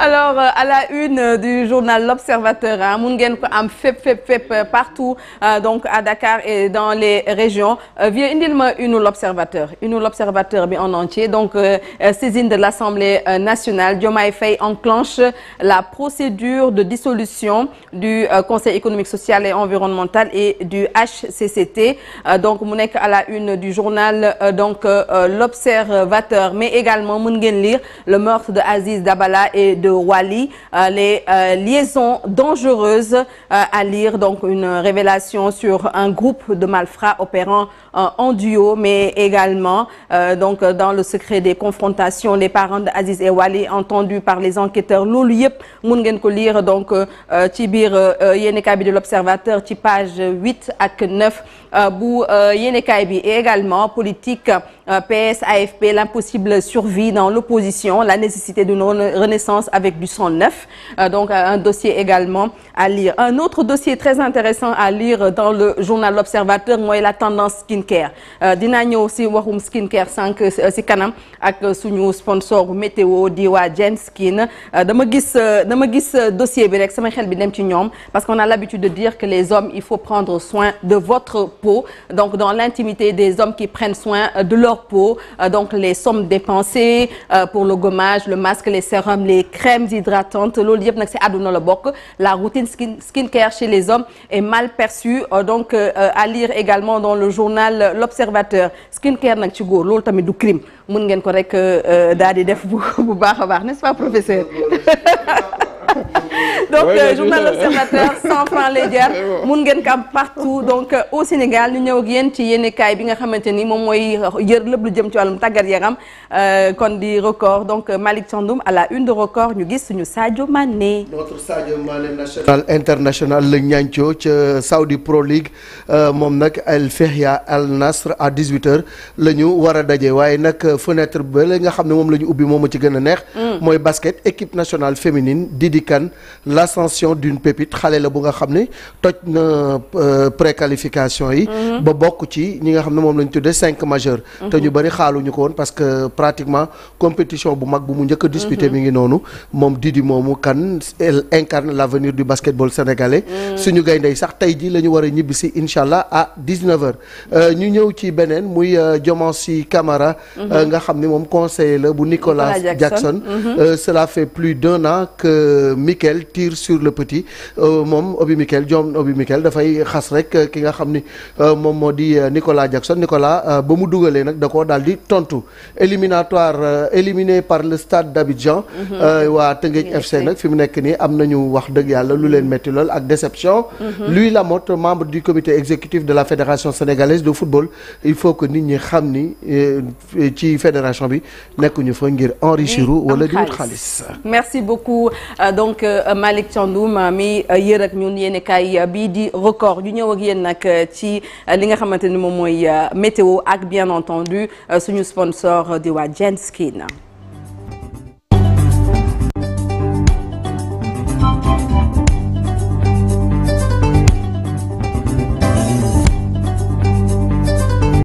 alors euh, à la une euh, du journal L'Observateur mun ngeen ko am fépp fépp fépp euh, partout donc à Dakar et dans les régions vieux indil ma une L'Observateur une L'Observateur bi en entier donc saisine de l'Assemblée nationale Diomaye Faye enclenche la procédure de dissolution du Conseil économique social et environnemental et du HCCT donc mu nekk à la une du journal donc L'Observateur mais également mun ngeen lire le meurtre de Dabala de Wally euh, les euh, liaisons dangereuses euh, à lire donc une révélation sur un groupe de malfrats opérant en duo mais également donc dans le secret des confrontations les parents d'Aziz et Wally entendus par les enquêteurs loolu yëpp mun ngeen ko lire donc ci biir yéenekaay bi de l'Observateur ci page huit ak neuf bu yéenekaay bi et également politique PS AFP l'impossible survie dans l'opposition la nécessité d'une renaissance avec du sang neuf euh, donc euh, un dossier également à lire un autre dossier très intéressant à lire dans le journal L'Observateur mooy la tendance skincare euh, dinaa ñëw si waxum skincare sànq si kanam ak suñu sponsor météo di waa Gen Skin dama gis dama gis dossier bi rek ci ñoom parce qu'on a l'habitude de dire que les hommes il faut prendre soin de votre peau donc dans l'intimité des hommes qui prennent soin de leur peau donc les sommes dépensées pour le gommage le masque les sérums les crèmes crèmes hydratantes loolu yëpp nag si àdduna la bokk la routine skin skincare chez les hommes est mal perçue euh, donc euh, à lire également dans le journal l'observateur skincare nag ci góor loolu tamit du crime mën ngeen ko rek euh, daal di def bu bu baax a baax nest pas professeur donc euh, journal observateur 100 francs lay mun ngeen ko am partout donc euh, au Sénégal ñu ñëw ak ci yéen bi nga xamante ni moom mooy yër lépp lu jëm ci wàllum tàggat yaram euh, kon di record donc Malick Thiandoum à la une de record ñu gis suñu Sadio Mané. notre international la ñancoo ca Saudi Pro League moom nag Al Fehia Al Nasr à 18h la ñu war a daje waaye nag fenêtre ba la nga xam ne moom la ñu ubbi moom ma ci gën a neex. Mm. mooy basket équipe nationale féminine Didi l'ascension d'une pépite xale la bu nga xam ne toj na euh, préqualification yi mhm. ba bokk ci ñi nga xam ne moom lañ tuddee cinq majeurs mhm. te ñu bëri ñu ko woon parce que pratiquement compétition bu mag bu mu njëkk a disputé mhm. mi ngi noonu moom Didi moomu kan elle incarne l'avenir du basketball sénégalais suñu gaynde yi sax tey ji lañu ñu war a ñibbisi incha allah à 19 heures euh, ñu ñëw ci beneen muy euh, Diomansi kamara nga xam ni moom conseiller la bu Nicolas Jackson cela fait plus d'un an sur le petit euh, moom Obi Mikel John Obi Mikel dafay xas rek euh, ki nga xam ni euh, moom moo di Nicolas Jackson Nicolas ba mu dugalee nag da ko daal di tontu éliminatoire éliminé par le stade d'Abidjan mhm. waa Teungueth FC nag fi mu nekk nii am nañu wax dëgg yàlla lu leen metti lool ak déception mhm. Louis Lamotte membre di comité exécutif de la fédération sénégalaise de football il faut que nit ñi xam ni ci fédération bi nekkuñu fa ngir enrichir wala di xaalis Alexandre Ndoum euh, mi euh, yër ak ñun yéen kaay euh, bii di record ñu ñëw ak yéen nag ci li nga xamante ni moom mooy météo ak bien entendu suñu sponsor di waa Jenskin